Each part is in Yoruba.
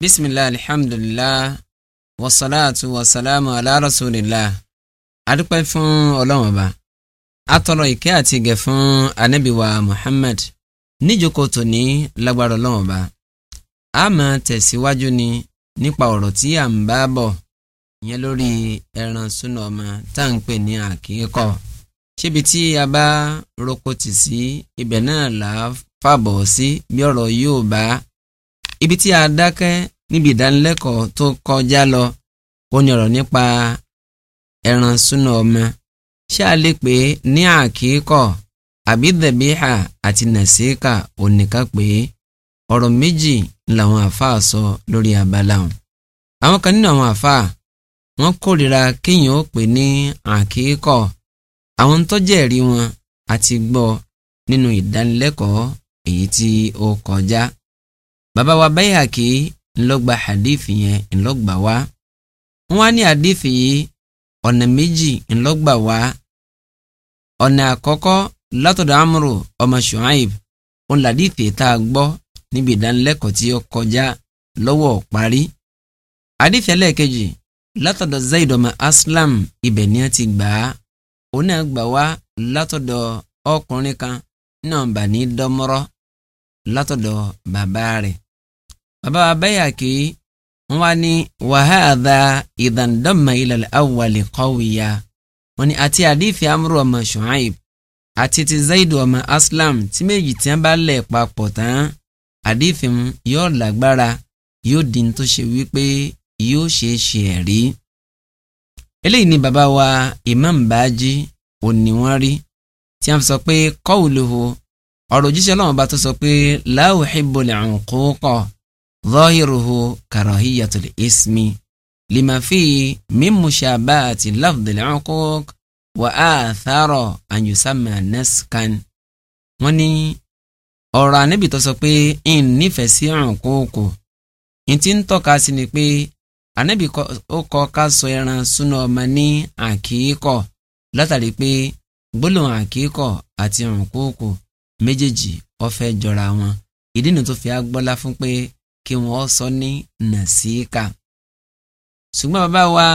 bisimilahi alihamdulilah wasalaatu wasalaamu ala rasulillah adúpẹ́ fún ọlọ́wọ́n ba atọrọ ìkẹ́ àti ìgẹ̀ fún anabiwa muhammad níjókòó tòní lágbára ọlọ́wọ́n ba a máa tẹ̀síwájú ni nípa ọ̀rọ̀ tí à ń bá bọ̀ ìyẹn lórí ẹran súnà ọmọ tá à ń pè ní a bá roko tì sí ibẹ̀ náà là á fàbọ̀ sí bí ọ̀rọ̀ yóò bá ibi tí a dákẹ́ níbi ìdánilẹ́kọ̀ọ́ tó kọjá lọ ó ní ọ̀rọ̀ nípa ẹran súnà ọmọ ṣé a lè pè é ní àkíkọ̀ àbí dẹ̀bíhà àti nàṣíkà òníkà pé ọ̀rọ̀ méjì làwọn àáfàá sọ lórí abala wọn. àwọn kan nínú àwọn àáfàá wọn kórìíra kéèyàn ó pè ní àkíkọ̀ àwọn tó jẹ́rìí wọn àti gbọ́ nínú ìdánilẹ́kọ̀ọ́ èyí tí ó kọjá bàbá wa Bayhaqi ńlọgba hadith yẹn ńlọgba wa wọn á ní hadith yìí ọ̀nà méjì ńlọgba wa ọ̀nà àkọ́kọ́ látọ̀dọ̀ Amru ọmọ Shu'aib òun làdìtì tá a gbọ́ níbi ìdánilẹ́kọ̀ọ́ tí ó kọjá lọ́wọ́ parí hadith ẹlẹ́ẹ̀kejì látọ̀dọ̀ Zaid ọmọ Aslam ibẹ̀ ni a ti gbà á òun náà gbà wá látọ̀dọ̀ ọkùnrin kan náà bà ní dọ́mọ́rọ́ látọ̀dọ̀ bàbá rẹ̀ bàbá abẹ́yàkè wọ́n wá ní wàhádà ìdàndọ́mà ilẹ̀ awàlẹ̀ kọ́wìyà wọ́n ní àti àdìfì amúrò ọmọ Shu'aib àti ti Zaidu ọmọ Aslam tí méjì tí wọ́n bá lẹ̀ papọ̀ tán àdìfì yóò lágbára yóò di ní tó ṣe wípé yóò ṣe é ṣe ẹ̀rí. eléyìí ni bàbá wa Imam Baji òní wọn rí tí wọ́n sọ pé kọ́wùlù ọ̀rọ̀ òjíṣẹ́ ọlọ́run bá tó sọ pé la uhibbul 'uquqa zahiruhu karahiyatul ismi lima fi mímu shabaati lafdil uquq wa atharo an yusamma naskan wọ́n ní ọ̀rọ̀ ànábì tó sọ pé ń nífẹ̀ẹ́ sí uquq ń ti ń tọ́ka sí ni pé ànábì ó kọ̀ ká sọ ẹran súná ọmọ ní àkíkọ̀ látàrí pé gbólóhùn àkíkọ̀ àti uquq méjèèjì ó fẹ́ jọra wọn ìdí nu tó fi agbọ́lá fún pé kí wọ́n sọ ní nàṣíkà. ṣùgbọ́n bàbá wa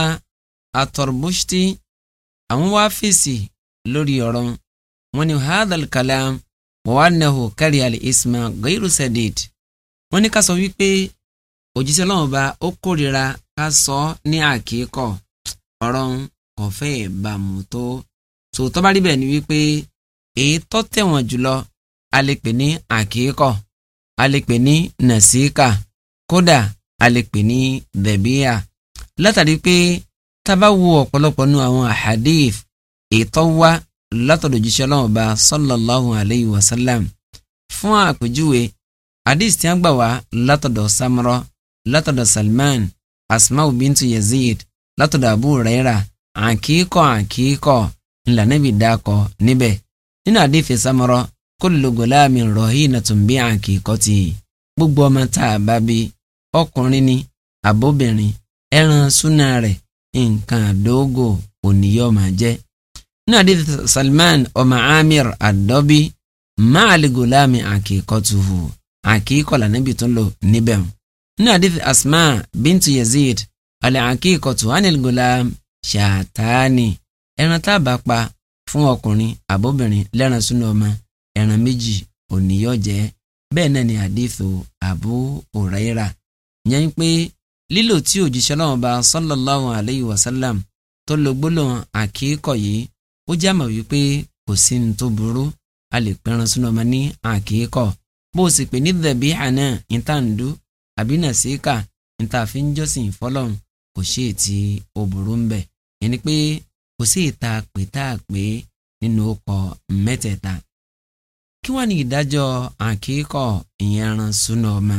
àtọ̀rọ̀bùṣtì àwọn wá fèsì lórí ọ̀rọ̀ wọn ni hadal kalam wọ́n wá nàhó kárí alẹ́ isma gairu sadid wọ́n ní ká sọ wípé òjíṣẹ́ lọ́wọ́ bá ó kórìíra ká sọ ní àkíkọ̀ ọ̀rọ̀ ọ̀fẹ́ ìbámu tó sòtọ́ bá rí bẹ́ẹ̀ ni wípé èyí tó tẹ̀wọ̀n jùlọ a lè pè ní àkíkọ̀ a lè pè ní nàṣíkà kódà a lè pè ní dẹ̀bíyà látàrí pé tábà wo ọ̀pọ̀lọpọ̀ nu àwọn àhàdíf ètò wa látọ̀dọ̀ jíṣẹ́ ọlọ́run ọba sallallahu alayhi wa sallam fún àpèjúwe hadith tí a gbà wá látọ̀dọ̀ samro látọ̀dọ̀ salman asmau bintu yazid látọ̀dọ̀ abu raira àkíkọ̀ àkíkọ̀ ńlá níbi dákọ̀ níbẹ̀ nínú hadith samro kullu gulamin rahinatun bi aqiqati gbogbo ọmọ tá a bá bí ọkùnrin ni àbóbìnrin ẹran súnà rẹ̀ nǹkan àdógò òníyọ́ máa jẹ́. nínú àdìsí Salman ọmọ Amir àdọ́bí máàlì gòláàmì àkíkọ́tuhù àkíkọ́là níbi tó ń lò níbẹ̀. nínú àdìsí Asma bintu Yazid ọ̀lẹ̀ àkíkọ́tù anil gòláàm ṣàtàánì ẹran tá a bá pa fún ọkùnrin àbóbìnrin lẹ́ran súnà ọmọ ẹran méjì òníyọ jẹ náà ni àdìsù Abu Huraira yẹn pé lílò tí òjíṣẹ́ náà bá sallallahu alayhi wa sallam tó lo gbólóhùn àkíkọ̀ yìí ó jẹ́ àmọ̀ wípé kò sí ní tó burú a lè pẹran sínú ọmọ ní àkíkọ̀ bó o sì pè ní dẹ̀bí àná ìtàǹdú àbí nàṣíkà ìtàfin jọ́sìn fọlọ́run kò ṣe ètí òbúrú ń bẹ̀ ẹni pé kò sí ìta pè tá a pè nínú ọkọ̀ mẹ́tẹ̀ẹ̀ta kí wọ́n ní ìdájọ́ àkíkọ̀ ìyẹn ẹran súná ọmọ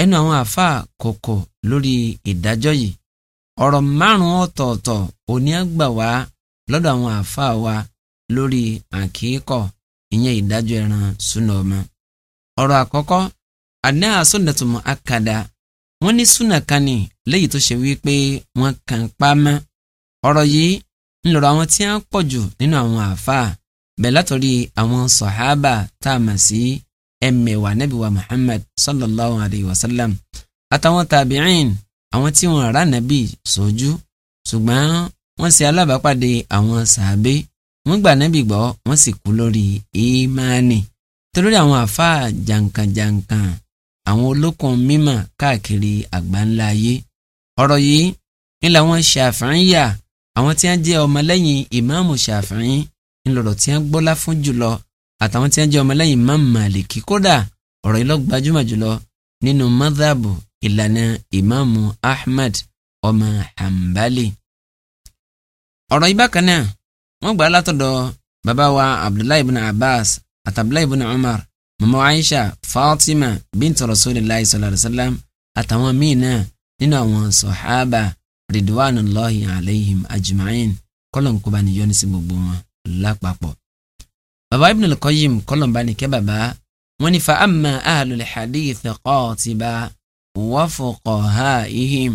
ẹnu àwọn àáfàá kòkò lórí ìdájọ́ yìí ọ̀rọ̀ márùn-ún ọ̀tọ̀ọ̀tọ̀ òní àgbà wá lọ́dọ̀ àwọn àáfàá wa lórí àkíkọ̀ ìyẹn ìdájọ ẹran ọmọ àkàdá ní súnà tó ṣe wípé kàn pa bẹ́ẹ̀ látọ̀rí àwọn sọ̀hábà tá a mọ̀ sí ẹ̀mẹ̀wà nábì wa Muhammad sallallahu alayhi wa sallam àtàwọn tàbíìn àwọn tí wọn rà nábì sójú ṣùgbọ́n wọ́n ṣe alábàápàdé àwọn sàábé wọ́n gbà nábì gbọ́ wọ́n sì kú lórí ìmánì torí àwọn àfáà jàǹkànjàǹkàn àwọn olókun mímọ̀ káàkiri àgbáńlá ayé ọ̀rọ̀ yìí ni làwọn Ṣàfi'íyà àwọn tí wọ́n jẹ́ ọmọlẹ́yìn ìmáàmù Ṣàfi'í ńlọrọ̀ tí wọ́n gbọ́lá fún jùlọ àtàwọn tí wọ́n jẹ́ ọmọlẹ́yìn Imam Màlìkì kódà ọ̀rọ̀ yìí ló gbajúmọ̀ jùlọ nínú madhabu ìlànà Imam Ahmad ọmọ Hanbali. ọ̀rọ̀ yìí bákan náà wọ́n gbà látọ̀dọ̀ bàbá wa Abdullahi ibn Abbas àti Abdullahi ibn Umar mama Aisha Fatima bintu Rasulillahi sallallahu alayhi wa sallam àtàwọn míì náà nínú àwọn sọ̀hábà Allahi alayhim ajma'in kọ́lọ̀ ń kó bá gbogbo wọn lápapọ̀. bàbá Ibn al-Qayyim kọ́lọ̀mbà nìkẹ́ bàbá wọn ni fa amma ahlul hadith qatiba wa fuqahaihim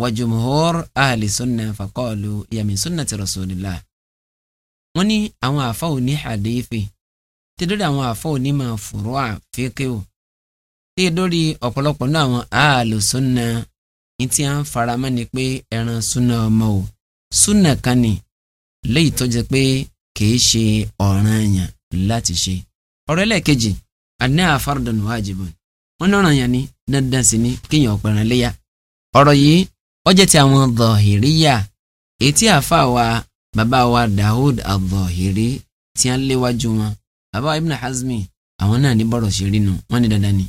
wa jumhur ahli sunna faqalu ya min sunnati rasulillah. wọ́n ní àwọn àfa òní hadithi tí lórí àwọn àfa òní máa fòrò àfikẹ́wò tí lórí ọ̀pọ̀lọpọ̀ náà àwọn ahlu sunna ní tí a ń faramọ́ ni pé ẹran sunna ọmọ o sunna kan ni léyìí tó jẹ́ pé kìí ṣe ọ̀ranyàn láti ṣe ọ̀rọ̀ ẹlẹ́ẹ̀kejì àní àfàrọ̀dọ̀nù wájibun wọn ní ọ̀ranyàn ni dandan sí ni kéèyàn ọ̀pẹ̀rẹ̀ léyà ọ̀rọ̀ yìí ó jẹ́ ti àwọn dọ̀hìríyà ètí àfa wa bàbá wa Dawud adọ̀hìrí tí a ń léwájú wọn bàbá wa Ibn Hazmi àwọn náà ní bọ́rọ̀ ṣe rí nu wọ́n ní dandan ni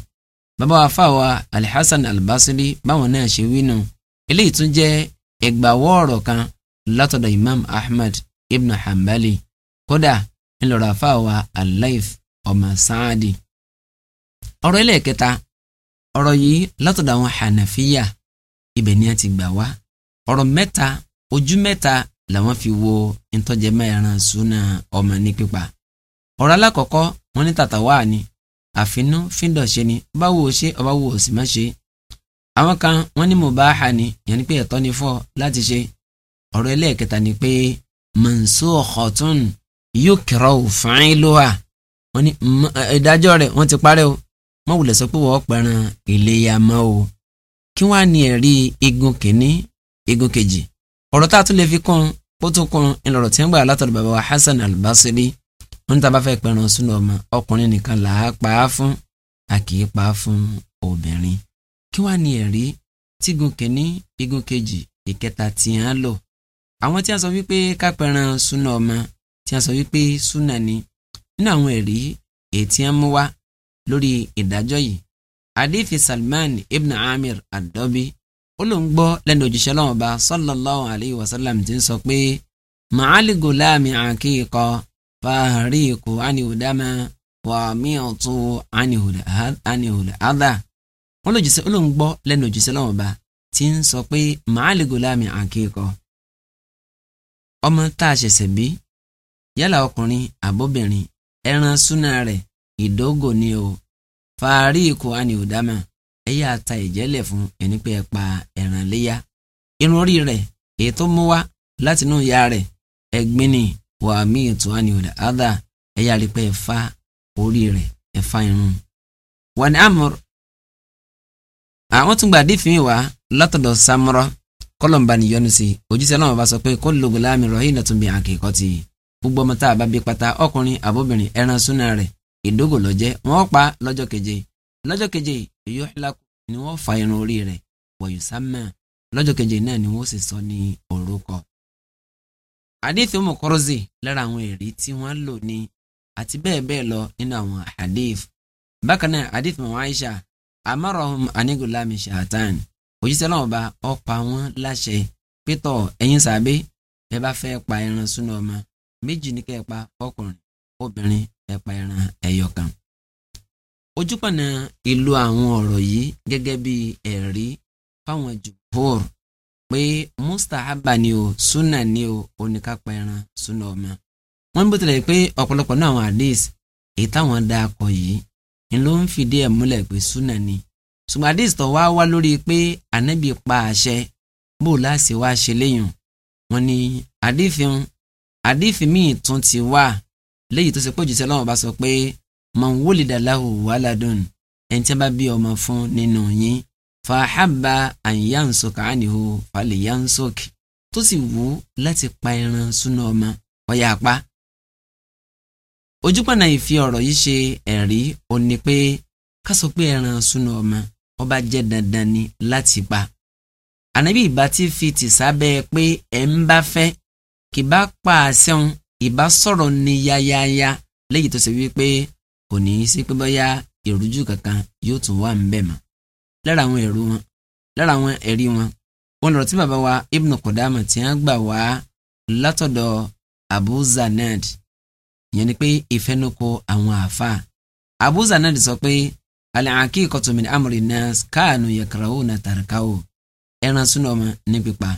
bàbá wa fa wa Alhassan Albasri báwọn náà ṣe wí nu eléyìí tún jẹ́ ẹgbàwọ́ ọ̀rọ̀ kan látọ̀dọ̀ imam ahmed ibn hanbali kódà ńlọrọ̀ àfàwà alaif ọmọ sáàdì. ọ̀rọ̀ ilé kẹta ọ̀rọ̀ yìí látọ̀dọ̀ àwọn hanafiya ibẹ̀ ni a ti gbà wá ọ̀rọ̀ mẹ́ta ojú mẹ́ta làwọn fi wo ntọ́jẹ mẹ́ran súnà ọmọ ní pípa ọ̀rọ̀ alákọ̀ọ́kọ́ wọn ní tàtà wá ni àfinú fíndọ̀ ṣe ni báwo ṣe ọba wo òsì má ṣe àwọn kan wọn ní mubaha ni yẹn ni pé ẹ̀tọ́ ni fọ́ láti ṣe ọ̀rọ̀ ẹlẹ́ẹ̀kẹta ni pé mansukhatun yukrahu fa'iluha wọ́n ní ìdájọ́ rẹ̀ wọ́n ti parẹ́ o wọ́n wulẹ̀ sọ pé wọ́n pẹ̀ràn ìléyà mọ́ o kí wọ́n á ní ẹ̀rí igun kìíní igun kejì ọ̀rọ̀ tá a tún lè fi kún ó tún kún ìlọ̀rọ̀ tí ń gbà látọ̀dọ̀ bàbá wa Hasan al-Basri wọ́n tá a bá fẹ́ pẹ̀ràn sunu ọmọ ọkùnrin nìkan là á pa á fún a kì í pa á fún obìnrin kí wọ́n á ní ẹ̀rí tígun kìíní igun kejì ìkẹta tí ń lò àwọn tí a sọ wípé kápẹ́ran súnà ọmọ tí a sọ wípé súnà ni nínú àwọn ẹ̀rí ètí ń mú wá lórí ìdájọ́ yìí adifi Salman ibn Amir adobi ó ló ń gbọ́ lẹ́nu òjíṣẹ́ lọ́wọ́ bá sallallahu alayhi wa sallam ti ń sọ pé màálì gòláàmì àkíkọ fàárí ikú ànihùdámà wà mí ọ̀tún ànihùdá ó ló ń gbọ́ lẹ́nu òjíṣẹ́ lọ́wọ́ bá ti ń sọ pé màálì gòláàmì àkíkọ ọmọ tá a ṣẹ̀ṣẹ̀ bí yálà ọkùnrin àbóbìnrin ẹran súná rẹ̀ ìdógò ni o fàárí ikọ̀ àni òdámà ẹ̀yà ata ìjẹ́lẹ̀ fún ẹni pé ẹ pa ẹran léyà irun orí rẹ̀ èyí mú wá látinú ìyá rẹ̀ ẹ̀gbin ni wàá mí ètò àni òdà ẹ̀yà rí pé ẹ fa orí rẹ̀ ẹ fa irun. wà ní àmúr àwọn tún gbàdí fi wá látọ̀dọ̀ Samura kọlọmba níyọnu sí òjíṣẹ́ Ọlọ́run bá sọ pé kullu gulamin rahinatun bi aqiqati gbogbo ọmọ tá a bá bí pata ọkùnrin àbóbìnrin ẹran súnà rẹ̀ ìdógò lọ́jẹ́ wọ́n pa lọ́jọ́ keje lọ́jọ́ keje yuhlaku ni wọ́n fa irun orí rẹ̀ wa yusamma lọ́jọ́ keje náà ni wọ́n sì sọ ní orúkọ. hadith Umm Kurzi lára àwọn èrí tí wọ́n lò ní àti bẹ́ẹ̀ bẹ́ẹ̀ lọ nínú àwọn hadith bákan náà hadith mọ̀ òjíṣẹ́ náà ọba ó pa wọ́n láṣẹ pétọ̀ ẹ̀yin sàbẹ́ ẹ bá fẹ́ pa ẹran súnú ọmọ méjì ní kẹ́ ẹ pa ọkùnrin obìnrin ẹ pa ẹran ẹyọ kan. ojúpọ̀nà ìlú àwọn ọ̀rọ̀ yìí gẹ́gẹ́ bí ẹ̀rí fáwọn jùbọ́ọ̀rù pé mustahaba ni o sunna ni o oníkápá ẹran súnú ọmọ. wọ́n bó tilẹ̀ pé ọ̀pọ̀lọpọ̀ náà àwọn hadith èyí táwọn dáa kọ yìí ń ló ń fìdí ẹ̀ múlẹ̀ pé sunna ni ṣùgbọ́n àdìs tó wá wá lórí pé ànábì pa àṣẹ bó láṣẹ wá ṣe léyìn wọn ni àdìfín àdìfín míì tún ti wá léyìí tó ṣe pé òjìṣẹ́ lọ́wọ́ bá sọ pé man wulida lahu ẹni tí a bá bí ọmọ fún nínú yín fa habba an yansuka anhu falyansuk tó sì wù láti pa ẹran súnú ọmọ ọ̀yà apá ojúpọ̀nà ìfi ọ̀rọ̀ yìí ṣe ẹ̀rí ó pé ká sọ pé ẹran súnú ọmọ ó bá jẹ́ dandan ni láti pa ànábì ìbá ti fi tì sábẹ́ pé ẹ̀ ń bá fẹ́ kì bá pa àṣẹun ìbá sọ̀rọ̀ ni yáyáyá léyìí tó ṣe wípé kò ní í sí pé bóyá ìrújú kankan yóò tún wà ń bẹ̀ lára àwọn ẹ̀rú wọn lára àwọn ẹ̀rí wọn wọn lọ̀rọ̀ tí bàbá wa Ibn Qudama tí wọ́n gbà wá látọ̀dọ̀ Abu Zanad ìyẹn ni pé ìfẹ́nukò àwọn àáfàá Abu Zanad sọ pé al-aqiqatu min amri nas kanu yakrahuna tarkahu ẹran súnà ọmọ ní pípa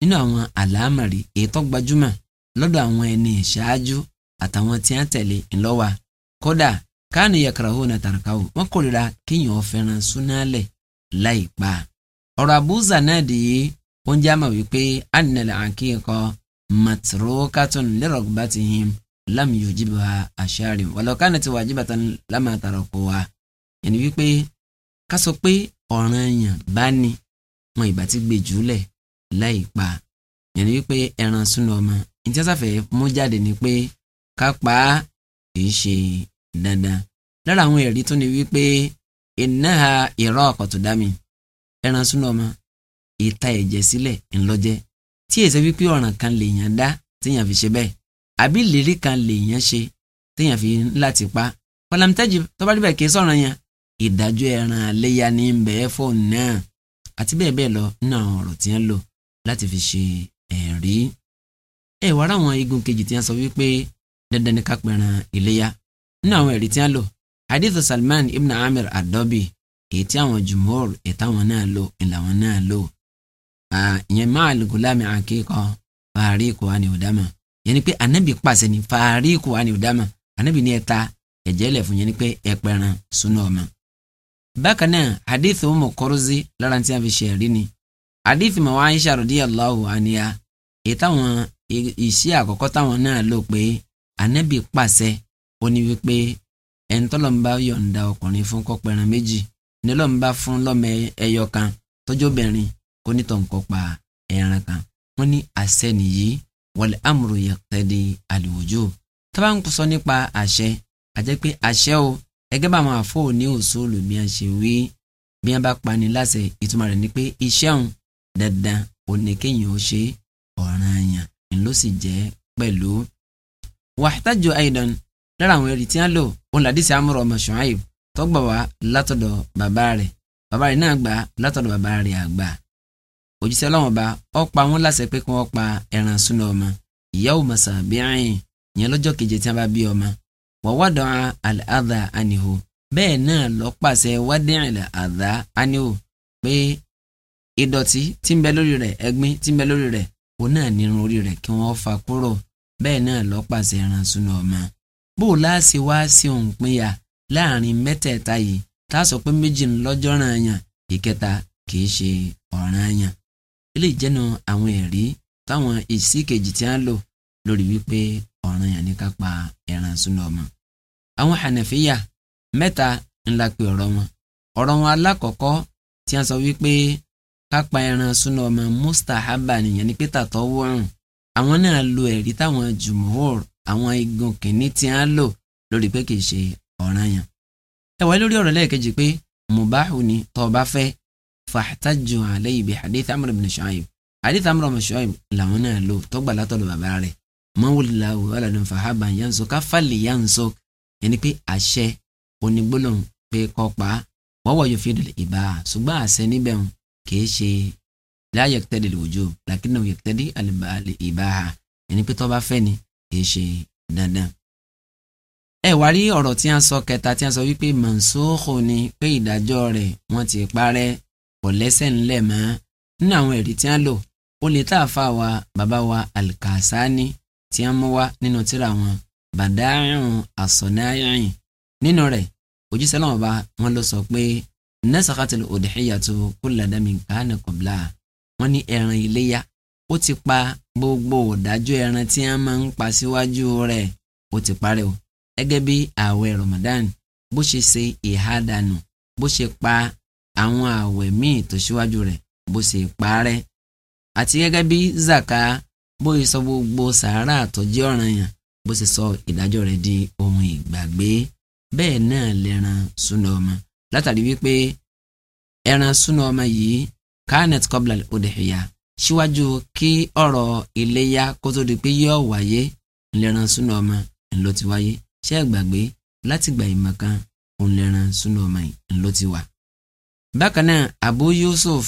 nínú àwọn àlámàrí ètò gbajúmọ̀ lọ́dọ̀ àwọn ẹni ìṣáájú àtàwọn tí a tẹ̀lé ńlọ́wà kódà kanu yakrahuna tarkahu wọ́n kórìíra kéèyàn ọ̀fẹ́ràn súnálẹ̀ láì pa ọ̀rọ̀ àbúzà náà dìé oúnjẹ àmà wípé annal aqiqa matrukatun lirukbatihim lam yujibha asharim walau kanat wajibatan lama tarakuha ẹni wípé ká sọ pé ọ̀ranyàn bá ní wọn ìbá ti gbé jùlẹ̀ láì pa ẹni wípé ẹran súnú ọmọ ìtí sáfẹ́ mú jáde ni pé ká pa á kìí ṣe dandan lára àwọn ẹ̀rí tó ni wípé iná ìrọ̀ ọ̀kọ̀tún dá mi ẹran súnú ọmọ ìta ẹ̀jẹ̀ sílẹ̀ ńlọ́jẹ́ tí èsẹ́ wípé ọ̀ràn kan lèèyàn dá téèyàn fi ṣe bẹ́ẹ̀ àbí lérí kan lèèyàn ṣe téèyàn fi láti pa pàlàmìtẹ́jì tó bá rí bẹ́ẹ̀ kìí sọ̀ràn yẹn ìdájọ́ ẹran àléyá ní bẹ́ẹ̀ fò náà àti bẹ́ẹ̀ bẹ́ẹ̀ lọ nínú àwọn ọ̀rọ̀ tí wọ́n lò láti fi ṣe ẹ̀rí. ẹ wá ráwọn igun kejì tí wọ́n sọ wípé dandan ni ká pẹran iléyá nínú àwọn ẹ̀rí tí wọ́n lò hadithu Salman ibn Amir adobi èyí tí àwọn jumhur èyí táwọn náà lò ìlànà náà lò ìyẹn máa lè gulami akíkọ fàárí kò wá ní ọ̀dàmà yẹn ni pé anabi pàṣẹ ni fàárí kò wá ní ọ̀dàmà anabi ni ẹ ta ẹ̀jẹ̀ lẹ̀ fún yẹn ni pé ẹ pẹran súnú ọmọ bákan náà hadith umu kọrọsí lára tí a fi ṣe ẹ̀rí ni hadith màwa aisha radiyallahu anha ìtàwọn ìṣe àkọ́kọ́ táwọn náà lò pé anabi pàṣẹ ó ní wípé ẹ̀ńtọ́lọ́mbà yọ̀ǹda ọkùnrin fún kọ́pẹ̀rẹ̀ méjì nílọ́mbà fún lọ́mọ ẹyọ kan tọ́jọ́bìnrin kó nítọ̀ nǹkan pa ẹran kan wọ́n ní àṣẹ nìyí wal amru yaqtadi al wujub tábà ń sọ nípa àṣẹ àjẹ́ àṣẹ o ẹgẹ́ bá àwọn àfọ òní òṣòlù bí wọ́n ṣe wí bí wọ́n bá pani láṣẹ ìtumọ̀ rẹ̀ ni pé iṣẹ́ òun dandan òní kéèyàn ó ṣe ọ̀ranyàn ló sì jẹ́ pẹ̀lú. wàhátàjọ aidan lára àwọn èrì tí wọ́n lò òun làdísì amúrò ọmọ Ṣuaib tó gbà wá látọ̀dọ̀ bàbá rẹ̀ bàbá rẹ̀ náà gbà látọ̀dọ̀ bàbá rẹ̀ àgbà òjíṣẹ́ ọlọ́wọ́n ba ó pa wọ́n láṣẹ pé kí wọ́n pa ẹran súnú wà wádọ̀ àdá àníhò bẹ́ẹ̀ náà lọ pàṣẹ wádìrìnlẹ̀ àdá àníhò pé ìdọ̀tí tí ń bẹ lórí rẹ̀ ẹ̀gbin tí ń bẹ lórí rẹ̀ òun náà nírun orí rẹ̀ kí wọ́n fà kúrò bẹ́ẹ̀ náà lọ pàṣẹ ẹran súnú ọmọ bó o láàṣì wá sí òun pínyà láàrin mẹ́tẹ̀ẹ̀ta yìí tá pé méjì ń lọ́jọ́ ràn yàn ìkẹta kìí ṣe ọ̀ràn yàn ilé ìjẹ́nu àwọn ẹ̀rí táwọn ìsíkejì tí a lò lórí wípé ọ̀ràn yẹn ní ká pa ẹran súnà ọmọ. àwọn hànàfíyà mẹ́ta ńlá pé ọ̀rọ̀ wọn ọ̀rọ̀ wọn alákọ̀ọ́kọ́ tí a sọ wípé ká pa ẹran súnà ọmọ mustahaba nìyẹn ní pété àtọ́wọ́rùn àwọn náà lo ẹ̀rí táwọn jùmọ̀wọ́r àwọn igun kìíní tí a lò lórí pé kìí ṣe ọ̀ràn yẹn. ẹ wáyé lórí ọ̀rọ̀ lẹ́ẹ̀kejì pé mubahu ni tó bá mawulawo aladun fahaba yanso káfàlì yanso yẹn ni pé àṣẹ onígbólóhùn pé kọ́pa wọ́wọ́ yóò fi dùn ìbá ṣùgbọ́n àṣẹ níbẹ̀ kìí ṣe láyẹ̀ lòjò làkínà yẹ̀ tẹ́lẹ̀ ìbá yẹn ni pé tó bá fẹ́ ni kìí ṣe dandan. ẹ wá rí ọ̀rọ̀ tí a sọ kẹta tí a sọ wípé mọ̀nsóòkò ni pé ìdájọ́ rẹ̀ wọ́n ti parẹ́ kò lẹ́sẹ̀ ńlẹ̀ mọ́ nínú àwọn ẹ̀rí tí a lò ó lè tá a fa wa bàbá wa Al-Kasani tí wọ́n mú wá nínú tírà wọn bàdáàrún àsọ̀náyìn nínú rẹ̀ ojúṣe náà bá wọn lọ sọ pé nasakatil odihiyatu kuladami kaana kobla wọn ní ẹran iléyà ó ti pa gbogbo òdájú ẹran tí wọ́n máa ń pa síwájú rẹ̀ ó ti parẹ́ o gẹ́gẹ́ bí ààwẹ̀ Ramadan bó ṣe ṣe ìhà dànù bó ṣe pa àwọn ààwẹ̀ míì tó ṣíwájú rẹ̀ bó ṣe parẹ́ àti gẹ́gẹ́ bí zaka bó ṣe sọ gbogbo sàárà àtọ̀jẹ́ ọ̀ràn yẹn bó ṣe sọ ìdájọ́ rẹ̀ di ohun ìgbàgbé bẹ́ẹ̀ náà lẹ́ran súnà ọmọ látàrí wípé ẹran súnà ọmọ yìí kánẹt kọbla òdìhìyà síwájú kí ọ̀rọ̀ iléyá kó tó di pé yóò wáyé ńlẹ́ran súnà ọmọ ńlọ ti wáyé ṣé ẹ gbàgbé láti gbà ìmọ̀ kan ńlẹ́ran súnà ọmọ ńlọ ti wà. bákan náà Abu Yusuf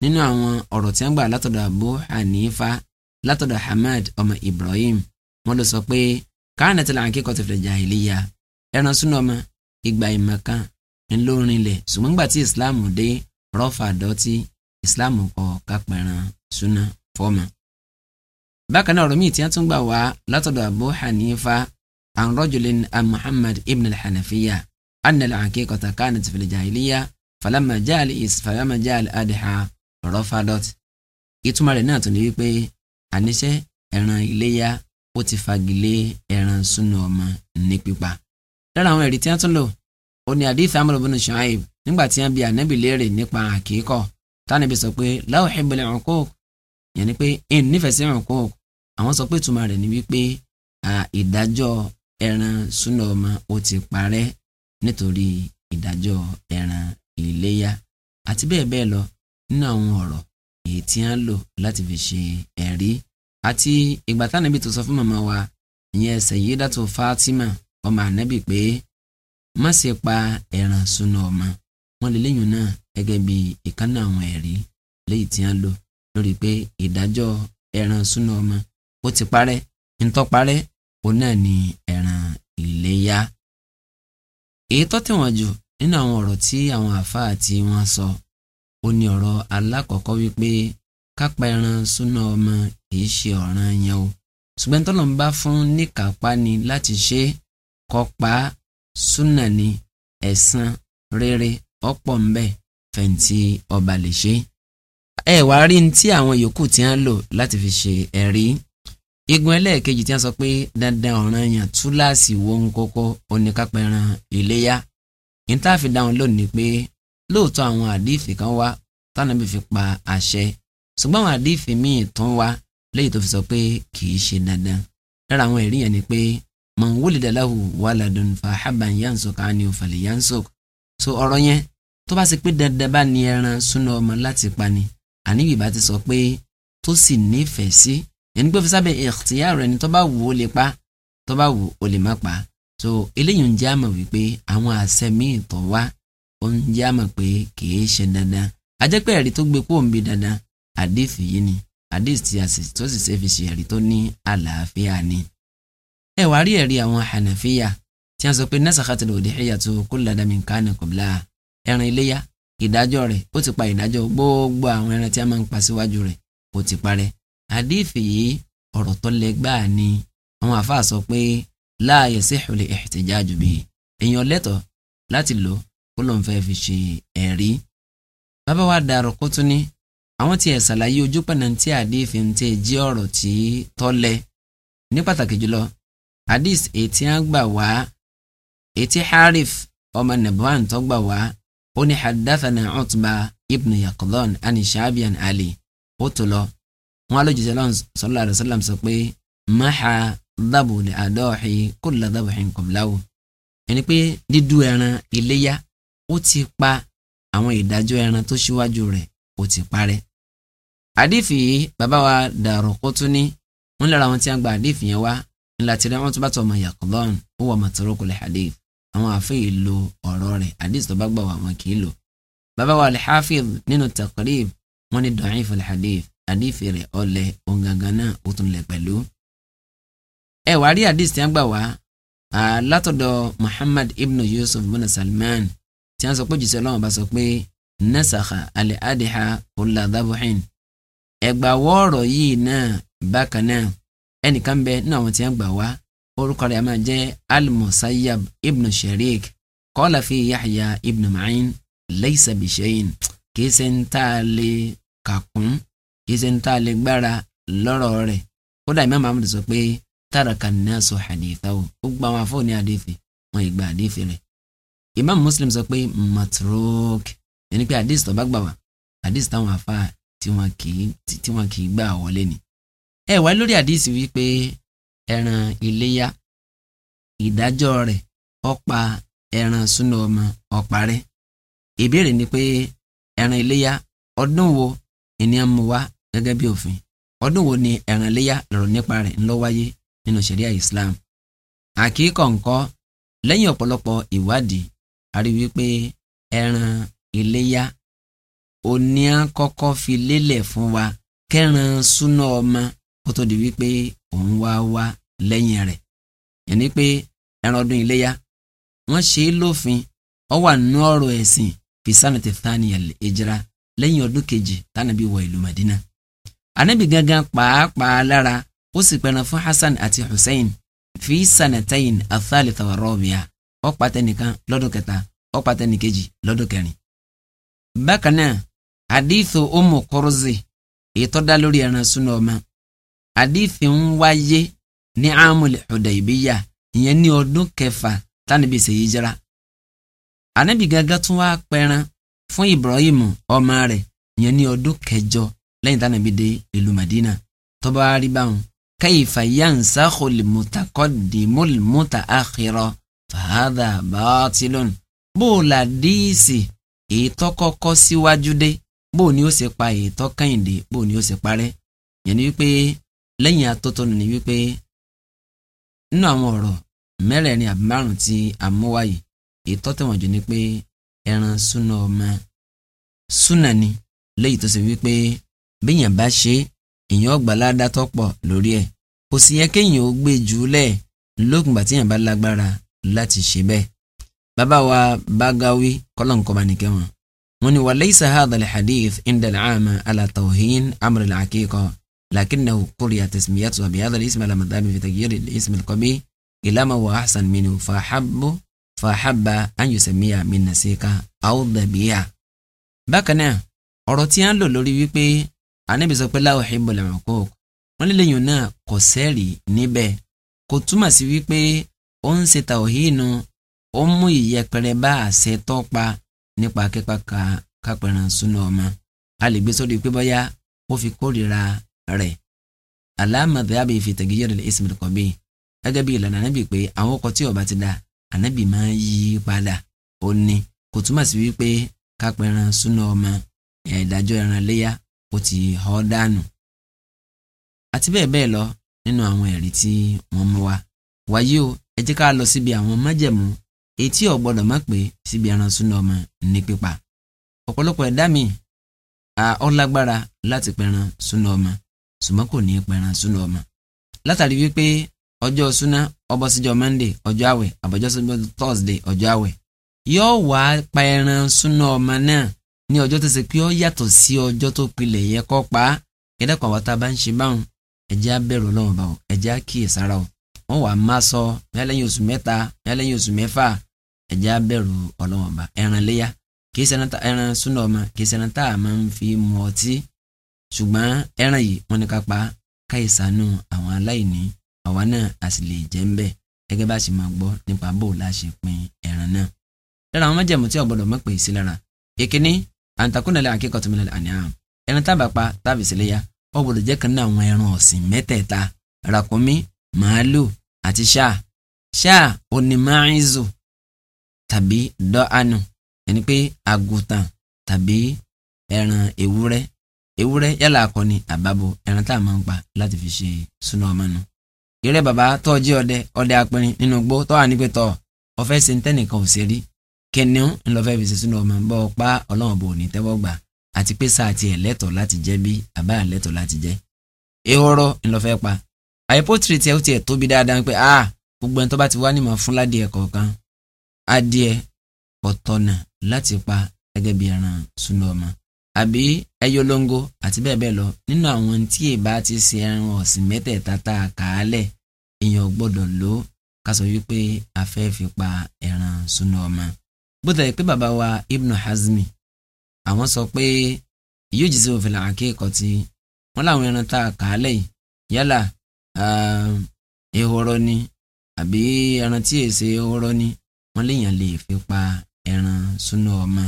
nínú àwọn ọ̀rọ̀ tí wọ́n gbà látọ̀dọ̀ Abu Hanifa látọ̀dọ̀ Hamad ọmọ Ibrahim wọ́n lọ sọ pé káàní ti làǹkì kọ́ ti fìlẹ̀ jàhìlíyà ẹran súnà ọmọ ìgbà ìmọ̀kan ńlọrinlẹ̀ ṣùgbọ́n gbà tí Islam dé rọ́fà dọ́tí Islam kọ́ kápẹ́ran súnà fọ́ọ̀mà. bákan náà ọ̀rọ̀ míì tí wọ́n tún gbà wá látọ̀dọ̀ Abu Hanifa an an Muhammad ibn al-Hanafiya anna al-aqiqata kanat fil jahiliya falamma jaal is falamma jaal adha rafadot ìtumọ̀ rẹ̀ náà tún ní wípé àníṣe ẹran iléyà ó ti fagilé ẹran súnú ọmọ ní pípa. lára àwọn ẹ̀rí tí wọ́n tún lò ó ní àdìsí Amr ibn Shu'aib nígbà tí wọ́n bi ànábì léèrè nípa àkíkọ̀ tánàbì sọ pé la uhibbu al-uquq yẹn ni pé ẹ̀yìn nífẹ̀ẹ́ sí uquq àwọn sọ pé ìtumọ̀ rẹ̀ ni wípé ìdájọ́ ẹran súnú ọmọ ó ti parẹ́ nítorí ìdájọ́ ẹran iléyà àti bẹ́ẹ̀ bẹ́ẹ̀ lọ nínú àwọn ọ̀rọ̀ èyí tí a ń lò láti fi ṣe ẹ̀rí àti ìgbà táwọn ẹbí tó sọ fún màmá wa ìyẹn Sayyidatu Fatima ọmọ ànábì pé má ṣe pa ẹran sunu ọmọ wọn lè léyìn náà gẹ́gẹ́ bí ìkànnà àwọn ẹ̀rí léyìí tí a ń lò lórí pé ìdájọ́ ẹran sunu ọmọ ó ti parẹ́ ntọ́ parẹ́ òun náà ni ẹran ìléyá èyí tó tẹ̀wọ̀n jù nínú àwọn ọ̀rọ̀ tí àwọn àfáà tí wọ́n sọ ó ní ọ̀rọ̀ alákọ̀ọ́kọ́ wípé kápá ẹran súná ọmọ kìí ṣe ọ̀ràn yẹn o ṣùgbọ́n tọ́lọ̀ ń bá fún níkàápá ni láti ṣe kọ́pa súná ni ẹ̀san rere ọ̀pọ̀ ń bẹ fẹ̀ǹtì ọba lè ṣe. ẹ wá rí ní tí àwọn yòókù ti ń lò láti fi ṣe ẹ̀rí igun ẹlẹ́ẹ̀kejì tí wọ́n sọ pé dandan ọ̀ràn yẹn túláàsì wo ń kókó oníkápẹ́ran iléyà ní tá dáhùn lónìí pé lóòótọ́ àwọn àdífì kan wá tánàbí fi pa àṣẹ ṣùgbọ́n àwọn àdífì míì tún wá lẹ́yìn tó fi sọ pé kì í ṣe dandan lára àwọn ẹ̀rí yẹn ni pé man wulida lahu waladun fa habban yansuk ani òfàlẹ̀ yansuk so ọ̀rọ̀ yẹn tó bá ṣe pé dandan bá ní ẹran súná ọmọ láti pa ni àníbi bá ti sọ pé tó sì nífẹ̀ẹ́ sí ẹni gbé fi sábẹ́ ikhtiyar ẹni tó bá wù ó lè pa tó bá wù ó lè má pa so eléyìí ń jẹ́ àmọ̀ wípé àwọn àṣẹ míì tó wá ó ń jẹ́ àmọ̀ pé kìí ṣe dandan ajẹ́pẹ́ ẹ̀rí tó gbé kó ń bi dandan hadith yìí ni hadith tí a sì tó sì ṣe fi ṣe ẹ̀rí tó ní àlàáfíà ni. ẹ wàá rí ẹ̀rí àwọn hànàfíà tí a sọ pé nasakhatil udhiyatu kulla damin kana qabla ẹran iléyà ìdájọ́ rẹ̀ ó ti pa ìdájọ́ gbogbo àwọn ẹran tí a máa ń pa síwájú rẹ̀ ó ti parẹ́ hadith yìí ọ̀rọ̀ tó lẹ gbáà ni àwọn àfáà sọ pé la yasihhu li ihtijaju bihi èèyàn lẹ́tọ̀ọ́ láti lò ó ó lóun fẹ́ fi ṣe ẹ̀rí bàbá wa dàrú kó tún ní àwọn tí ẹ ṣàlàyé ojú pẹ̀lú tí àdéhìí fi ń tẹ́ jí ọ̀rọ̀ tí tọ́lẹ̀ ní pàtàkì jùlọ hadith ètí á gbà wá ètí harif ọmọ nebuhan tó gbà wá ó ní hadathana utba ibn yakulon ani shabian ali ó tó lọ wọn alójú sallallahu alaihi wasallam sọ pé maha dábò ní àdọ́ọ̀hìn kulla dábò hìn kọ̀bláwò ẹni pé dídú ẹran iléyà ó ti pa àwọn ìdájọ́ ẹran tó ṣíwájú rẹ̀ ó ti parẹ́. àdìfì yìí bàbá wa Daraqutni wọn lára wọn tí a gba àdìfì yẹn wá ńlá tí wọn tún bá tọmọ yaqdan huwa matrukul hadith àwọn àfẹ́ ìlò ọ̀rọ̀ rẹ̀ àdìsí tó bá gbà wà wọn kì í lò. bàbá wa al-Hafiz nínú Taqrib wọn ní da'iful hadith àdìfì rẹ̀ ọ̀lẹ̀ òǹgangan náà ó tún lẹ̀ pẹ̀lú. ẹ wàá rí àdìsí tí a gbà wá látọ̀dọ̀ Muhammad ibn Yusuf ibn Salman tí wọ́n sọ pé jùsọ̀ lọ́wọ́ bá sọ pé nasaha alẹ́ adìhà kula dabuhin ẹgbà wọ́ọ̀rọ̀ yìí náà bákan náà ẹnìkan bẹ náà wọ́n ti ń gbà wá orúkọ rẹ̀ máa jẹ́ al-musayyab ibn sharik kọ́lá fi yahya ibn ma'in laysa bishayin kìí ṣe ń tà lè kàkún kìí ṣe ń tà lè gbára lọ́rọ̀ rẹ̀ kódà Imam Ahmad sọ pé tàràkà náà sọ hadithahu ó gba àwọn afọ́ ní adéfì wọn ì gba adéfì rẹ̀ Imam Muslim sọ pé matrok ẹni pé hadith tó bá gbà wá hadith táwọn afa tí wọn kì í gbà wọlé ni. ẹ wá lórí hadith wípé ẹran iléyá ìdájọ́ rẹ̀ ọ̀pá ẹran súnà ọmọ ọ̀pá rẹ̀ ìbéèrè ni pé ẹran iléyá ọdún wo ènìyàn mú wá gẹ́gẹ́ bí òfin ọdún wo ni ẹran iléyá lọ̀rọ̀ nípa rẹ̀ ńlọ wáyé nínú ṣẹ̀ríà Islam àkíkọ̀ lẹ́yìn ọ̀pọ̀lọpọ̀ ìwádìí a rí wípé ẹran iléyá òní á kọ́kọ́ fi lélẹ̀ fún wa kẹran súná ọmọ kó tó di wípé òun wá wá lẹ́yìn rẹ̀ yẹnni pé ẹran ọdún iléyá wọ́n ṣe é lófin ó wà nínú ọ̀rọ̀ ẹ̀sìn fi sanete thaniel ejira lẹ́yìn ọdún kejì tánàbí wọ ìlú Madina anabi gangan pàápàá lára ó sì pẹran fún Hasan àti Hussein fi sanatayin athalitha wa rọbìa ó pa tẹnìkan lọ́dún kẹta ó pa tẹnìkejì lọ́dún kẹrin. bákan náà àdìsí ọmọ kọrọsì èyí tó dá lórí ẹran súná ọmọ àdìsí ń wáyé ní amúlẹ Hudaybiya ìyẹn ní ọdún kẹfà tánibí ṣe hijira. ànábì gángan tún wá pẹran fún Ibrahim ọmọ rẹ̀ ìyẹn ní ọdún kẹjọ lẹ́yìn tánibí dé ìlú Madina tó bá rí báwọn kayfa yansakhu al-mutaqaddimu al-muta'akhkhira fàhádà bàtílùn bó o là díìsì ètò kọ́kọ́ síwájú dé bó o ní ó ṣe pa ètò kẹ́hìndé bó o ní ó ṣe parẹ́ yẹn ni wípé lẹ́yìn atótónu ni wípé nínú àwọn ọ̀rọ̀ mẹ́rẹ̀ẹ̀rin àbí márùn-ún tí a mú wáyé ètò tẹ̀wọ̀n jù ni pé ẹran súná ọmọ súná ni léyìí tó ṣe wípé bíyàn bá ṣe èèyàn ọgbà tọ́pọ̀ lórí ẹ̀ kò sì yẹ kéèyàn ó gbé jù ú lẹ̀ tíyàn bá lágbára láti ṣe bẹ́ẹ̀ bàbá wa Bagawi kọ́lọ́nkọ́ba nìkẹ́ wọn wọn ni wà laysa hadha al-hadith inda al-aama ala tawhin amr al-aqiqa lakinnahu quriya tasmiyatu bi hadha al-ism ala madami fi taghyir al-ism al-qabih ila ma huwa ahsan minhu fahabbu fahabba an yusammiya min nasika aw dhabiha. bákan náà ọ̀rọ̀ tí a ń lò lórí wípé Ànábì sọ pé la uhibbu al-uquq wọn lè lẹ́yìn náà kò sẹ́rì níbẹ̀ kò túmọ̀ sí wípé ó ń ṣe tàwíìnù ó mú ìyẹpẹrẹ bá àṣẹ tọ́pa nípa kíkà kápẹ̀ràn súnú ọmọ a lè gbé sórí pé bóyá ó fi kórìíra rẹ̀ aláàmàdé àbí ìfìtẹ̀gí yẹ̀rẹ̀ lè ìsìnkú kọ̀ bí gẹ́gẹ́ bí ìlànà ànábì pé àwọn ọkọ̀ tí ọba ti da ànábì máa ń yí padà ó ní kò túmọ̀ sí wípé kápẹ̀ràn súnú ọmọ ìdájọ́ ẹran léyà ó ti họ́ dànù àti bẹ́ẹ̀ bẹ́ẹ̀ lọ nínú àwọn ẹ̀rí tí wọ́n mú wa wáyé ẹ jẹ́ ká lọ síbi àwọn májẹ̀mú etí ò gbọ́dọ̀ má pé síbi ẹran súná ọmọ ní pípa ọ̀pọ̀lọpọ̀ ẹ̀dá mi ó lágbára láti pẹran súná ọmọ ṣùgbọ́n kò ní pẹran súná ọmọ látàrí wípé ọjọ́ súná ọbọ̀ síjọ́ monday ọjọ́ àwẹ̀ àbọ̀jọ́ síjọ́ thursday ọjọ́ àwẹ̀ yóò wá pẹran súná ọmọ náà ní ọjọ́ tó ṣe pé ó yàtọ̀ sí ọjọ́ tó pilẹ̀ yẹ kọ́ pa ẹ̀dá pàwọ́ tá a bá ń ṣe báwọn ẹ̀jẹ̀ á bẹ̀rù Ọlọ́run bá wọn ẹ̀jẹ̀ á kíyè sára wọn wọ́n wà má sọ bóyá lẹ́yìn oṣù mẹ́ta bóyá lẹ́yìn oṣù mẹ́fà ẹ̀jẹ̀ abẹ́rù Ọlọ́run Ọba ẹran léyà kìí ṣe ẹran súnà ọmọ kìí ṣe ẹran tá a máa ń fi mu ọtí ṣùgbọ́n ẹran yìí wọ́n ní ká pa àwọn aláìní àwa náà a sì lè jẹ́ ń bẹ̀ bá a ṣe máa gbọ́ nípa bó la ṣe pín ẹran náà lára àwọn májẹ̀mú tí ọ̀gbọ́dọ̀ mọ̀ pé sí lára èkíní àǹtakùnlẹ̀ àkíkọ̀tún mi lálẹ́ àní àrùn ẹran tábà pa tábìsílẹ̀ yá ọ̀gbọ́dọ̀ jẹ́ kan náà àwọn ẹran ọ̀sìn mẹ́tẹ̀ẹ̀ta ràkúnmí màálù àti ṣáà ṣáà onímọ̀ọ́ìzù tàbí dọ́ánù ẹni pé àgùntàn tàbí ẹran ewúrẹ́ ewúrẹ́ yálà akọni àbábo ẹran tá a máa ń pa láti fi ṣe súná ọmọ nu ìrẹ́ bàbá tọ́jú ọdẹ ọdẹ apẹrin nínú igbó tó wà nípe tọ́ ọfẹ́ ṣe ń tẹ́nìkan ò ṣe rí kẹ́niún ńlọfẹ́ fi ṣe súná ọmọ bọ́ ọ pa ọlọ́run bò ní tẹ́wọ́ gbà àti pé sáà tiẹ̀ lẹ́tọ̀ọ́ láti jẹ́ bí àbá lẹ́tọ̀ọ́ láti jẹ́ ehoro ńlọfẹ́ pa àyè pọ́tìrì tiẹ̀ ó tiẹ̀ tóbi dáadáa pé a ah, gbogbo ẹni tó bá ti wá nímọ̀ fún ládìẹ kọ̀ọ̀kan adìẹ ọ̀tọ̀nà láti pa gẹ́gẹ́ bí ẹran súnú ọmọ àbí ẹyọlóńgó àti bẹ́ẹ̀ bẹ́ẹ̀ lọ nínú àwọn tí èèbá ti ṣe ẹran ọ̀sìn mẹ́tẹ̀ẹ̀ta tá a kà á lẹ̀ èèyàn gbọ́dọ̀ lò ká wípé a fẹ́ fi pa ẹran súnú ọmọ bó tẹ̀ pé bàbá wa Ibn Hazmi àwọn sọ pé yóò jì sí òfin làákè kọtí wọn làwọn ẹran tá a kà á lẹ̀ yálà ehoro ni àbí ẹran tí èsè ehoro ni lè yàn lè fi pa ẹran súnú ọmọ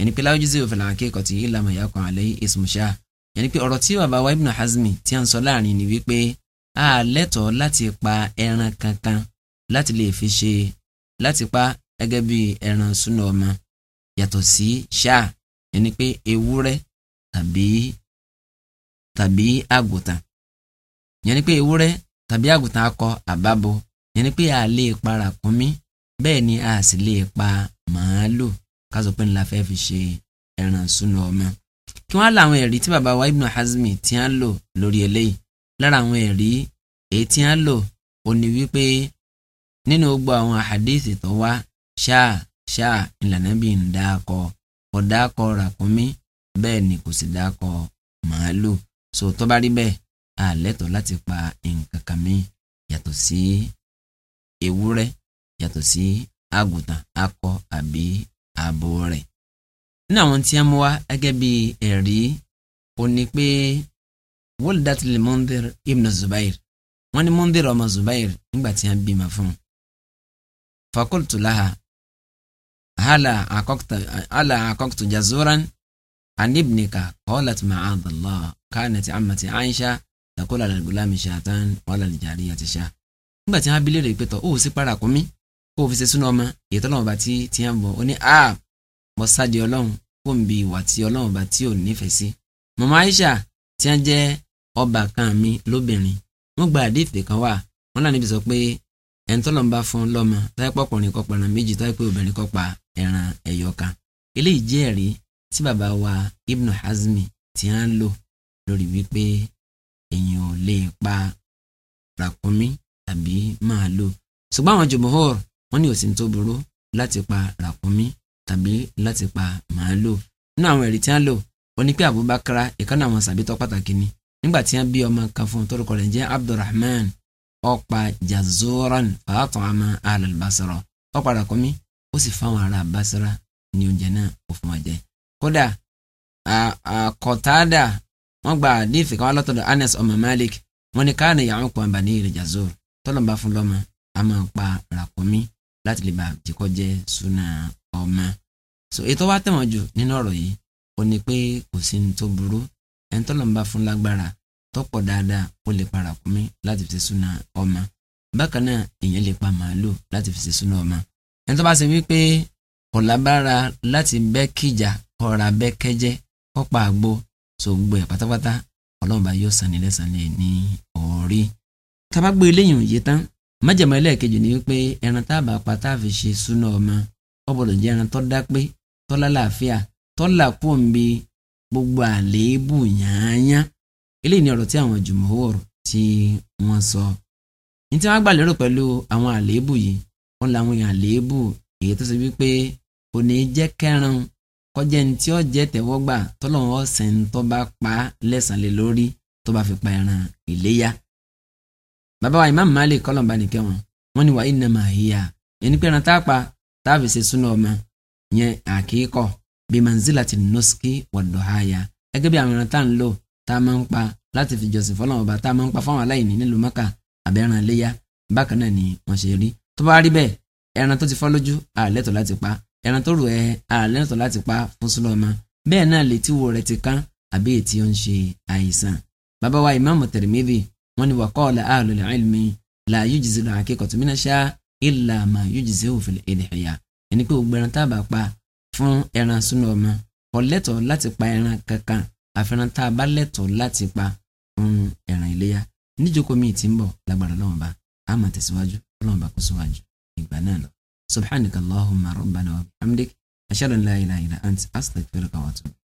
ẹni pé láwùjọ sí òfin akẹ́kọ̀ọ́ tí ìlànà ìyá kan àlẹ́ ìsúnmùṣá ẹni pé ọ̀rọ̀ tí bàbá wa Hazmi tí à ń sọ láàrin ni wípé a lẹ́tọ̀ọ́ láti pa ẹran kankan láti lè fi ṣe láti pa ẹran ọmọ yàtọ̀ sí ẹni pé ewúrẹ́ yẹn ni pé ewúrẹ́ tàbí àgùntàn akọ àbábo yẹn ni pé a lè pa ràkúnmí bẹ́ẹ̀ ni a sì lè pa màálù kásọ pé ńlá fẹ́ fi ṣe ẹran sunu ọmọ kí wọ́n á la àwọn ẹ̀rí tí bàbá wa Ibn Hazmi ti á lò lórí eléyìí lára àwọn ẹ̀rí èyí tí á lò ó ní wípé nínú gbogbo àwọn àhàdíìsì tó wá ṣáà ṣáà ìlànà bíi ń dá akọ kò akọ ràkúnmí bẹ́ẹ̀ ni kò sì dá akọ màálù so tó bá rí bẹ́ẹ̀ àlẹ́tọ̀ láti pa nǹkan kan mí yàtọ̀ sí ewúrẹ́ yàtọ̀ sí àgùntàn akọ àbí abo rẹ̀ nínú àwọn tí a mú wá gẹ́gẹ́ bí ẹ̀rí ó ní pé wọ́lùdàtí lè Mundhir ibn Zubair wọ́n ní Mundhir ọmọ Zubair nígbà tí a bímọ fún un fakultu laha hala akokta hala akoktu jazuran anibnika ibnika qalat ma'adallah kanat ammati Aisha yàkọ́lá làgùlámi ṣàtàn wàhálà nìjàrí àti ṣá nígbà tí wọn abilé rẹ pẹtọ ó sì para kún mi kó o fi ṣe súná ọmọ èyí tọ́lọ́wọ́n bá ti ti hàn bọ̀ ó ní a mọ sáde ọlọ́run kó n bí ìwà tí ọlọ́run bá tí ò nífẹ̀ẹ́ sí. mọ̀mọ́ Aisha tí wọ́n jẹ́ ọba kan mi lóbìnrin wọ́n gba àdéhìfẹ́ kan wà wọ́n là níbi sọ pé ẹni tọ́lọ́ ń bá fún lọ́mọ táyé pọ́kùnrin kọ́ pẹ̀ràn méjì táyé pé obìnrin kọ́ pa ẹran ẹ̀yọ kan eléyìí jẹ́ ẹ̀rí tí bàbá wa Ibn Hazmi ti hàn lò lórí wípé èèyàn ò lè pa ràkúnmí tàbí màálù ṣùgbọ́n àwọn jùmọ̀hóòr wọ́n ní ó sì ń tó burú láti pa ràkúnmí tàbí láti pa màálù nínú àwọn ẹ̀rí tí wọ́n lò wọ́n ní pé Abubakar ìkànnì àwọn sàbítọ́ pàtàkì ni nígbà tí wọ́n bí ọmọ kan fún un rẹ̀ jẹ́ Abdulrahman ó jazoran fa'at'ama ahlal Basra ó pa ràkúnmí ó sì fáwọn ará Basra ní oúnjẹ náà ó fún wọn jẹ kódà Kọ̀tádà wọ́n gba àdìsí kan alọ́tọ̀dọ̀ Anas ọmọ Malik wọ́n ní káàní yàrá kan bani ìrìjàzor tọ́lọ́mbà fún lọ́mọ a máa pa ràkúnmí láti lè bá jẹ́kọ́ jẹ́ súnà ọmọ. so ètò wa tẹ̀wọ̀n jù nínú ọ̀rọ̀ yìí ó ní pé kò sí ní tó burú ẹni tọ́lọ́mbà fún lágbára tọ́pọ̀ dáadáa ó lè pa ràkúnmí láti fi ṣe súnà ọmọ bákan náà èèyàn lè pa màálù láti fi ṣe súnà ọmọ ẹni tó bá ṣe wípé kò lágbára láti bẹ́ kíjà kọ̀ọ̀rà bẹ́ kẹ́jẹ́ kọ́pa àgbo so gbogbo ẹ̀ pátápátá ọlọ́run bá yọ sàn nílẹ̀ sàn lè ní ọ̀rí tábà gbé eléyìí yìí tán májèmọ́ ẹlẹ́ẹ̀kejì ni wípé ẹran tá a bá pa tá a fi ṣe súná ọmọ ó gbọ́dọ̀ jẹ́ ẹran tó dá pé tó lálàáfíà tó làkúọ̀ ń bi gbogbo àléébù yányá eléyìí ni ọ̀rọ̀ tí àwọn jùmọ̀wòr tí wọ́n sọ ní tí wọ́n gbà lérò pẹ̀lú àwọn àléébù yìí wọ́n làwọn èèyàn àléébù èyí tó ṣe wípé kò ní jẹ́ kẹ́ran kọjá ní tí ó jẹ́ tẹ̀wọ́gbà tọ́lọ́run ọ̀sìn tó bá pa lẹ́sàn-án lé lórí tó bá fi pa ẹran ìléyà. bàbá wa Imam Malik kọ́lọ̀mbà nìkẹ́ wọn wọ́n ní wà innama hiya ẹni pé ẹran tá a pa tá a fi ṣe súná ọmọ yẹn àkíkọ̀ bí manzilati nuski wad-duhaya gẹ́gẹ́ bí àwọn ẹran tá à ń lò tá a máa ń pa láti fi jọsìn fọlọ́run ọba tá a máa ń pa fáwọn aláìní nílùú Mákà àbẹ́ràn léyà bákan náà ni wọ́n ṣe rí tó bá rí bẹ́ẹ̀ ẹran tó ti fọ́ lójú àlẹ́tọ̀ láti pa ẹran tó rù ẹ àlẹ́tọ̀ láti pa fún sùlọ́mà bẹ́ẹ̀ náà létí wo rẹ̀ ti kán àbí ètí ó ń ṣe àìsàn. bàbá wa ìmáàmù Tirmidhi wọn ni waqala ahlul ilmi la yujzi al-haqiqatu mina shaa illa ma yujzihu fil idhiya ẹni pé gbogbo ẹran tá a bá pa fún ẹran sùlọ́mà kò lẹ́tọ̀ láti pa ẹran kankan àfẹ́ràn tá a bá lẹ́tọ̀ láti pa fún ẹran iléyà níjókòó mi ti سبحانك اللهم ربنا وبحمدك أشهد أن لا إله إلا أنت أستغفرك وأتوب